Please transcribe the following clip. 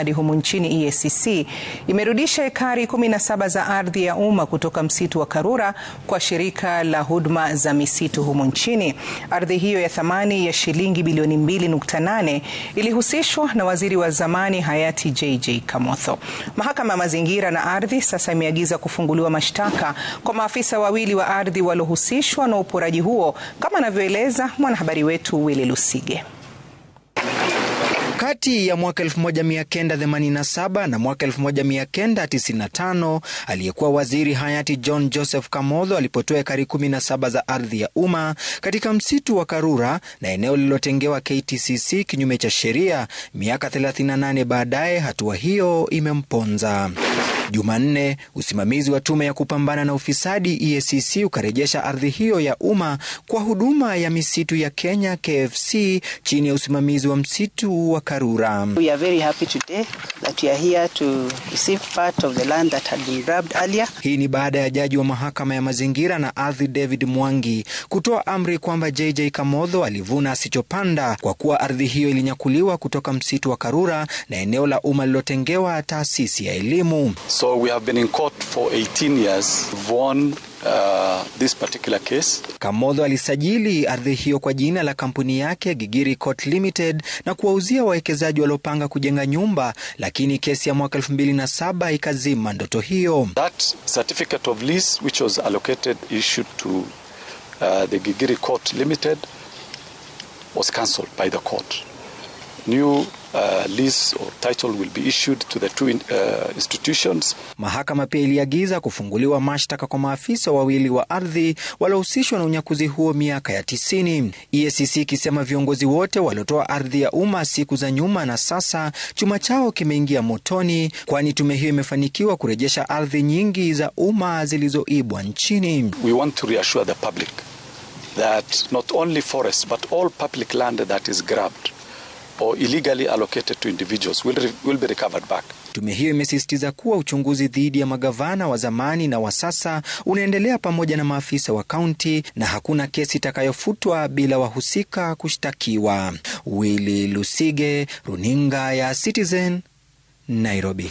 ufisadi humu nchini EACC imerudisha ekari 17 za ardhi ya umma kutoka msitu wa Karura kwa shirika la huduma za misitu humu nchini. Ardhi hiyo ya thamani ya shilingi bilioni 2.8 ilihusishwa na waziri wa zamani hayati JJ Kamotho. Mahakama ya mazingira na ardhi sasa imeagiza kufunguliwa mashtaka kwa maafisa wawili wa ardhi walohusishwa na uporaji huo, kama anavyoeleza mwanahabari wetu Willy Lusige. Kati ya mwaka 1987 na mwaka 1995 aliyekuwa waziri hayati John Joseph kamodho alipotoa ekari 17 za ardhi ya umma katika msitu wa Karura na eneo lililotengewa KTCC kinyume cha sheria. Miaka 38 baadaye, hatua hiyo imemponza. Jumanne, usimamizi wa tume ya kupambana na ufisadi EACC ukarejesha ardhi hiyo ya umma kwa huduma ya misitu ya Kenya KFC chini ya usimamizi wa msitu wa Karura. We are very happy today that we are here to receive part of the land that had been grabbed earlier. Hii ni baada ya jaji wa mahakama ya mazingira na ardhi David Mwangi kutoa amri kwamba JJ Kamotho alivuna asichopanda kwa kuwa ardhi hiyo ilinyakuliwa kutoka msitu wa Karura na eneo la umma lilotengewa taasisi ya elimu. So we have been in court for 18 years. Won, uh, this particular case. Kamodho alisajili ardhi hiyo kwa jina la kampuni yake Gigiri Court Limited na kuwauzia wawekezaji waliopanga kujenga nyumba, lakini kesi ya mwaka 2007 ikazima ndoto hiyo. That certificate of lease which was allocated issued to uh, the Gigiri Court Limited was cancelled by the court. New Uh, lease or title will be issued to the two in, uh, institutions. Mahakama pia iliagiza kufunguliwa mashtaka kwa maafisa wawili wa ardhi waliohusishwa na unyakuzi huo miaka ya tisini. EACC e ikisema viongozi wote waliotoa ardhi ya umma siku za nyuma na sasa chuma chao kimeingia motoni, kwani tume hiyo imefanikiwa kurejesha ardhi nyingi za umma zilizoibwa nchini. We want to reassure the public that not only forest but all public land that is grabbed or illegally allocated to individuals will, re, will be recovered back. Tume hiyo imesisitiza kuwa uchunguzi dhidi ya magavana wa zamani na wa sasa unaendelea pamoja na maafisa wa kaunti na hakuna kesi itakayofutwa bila wahusika kushtakiwa. Willy Lusige, Runinga ya Citizen, Nairobi.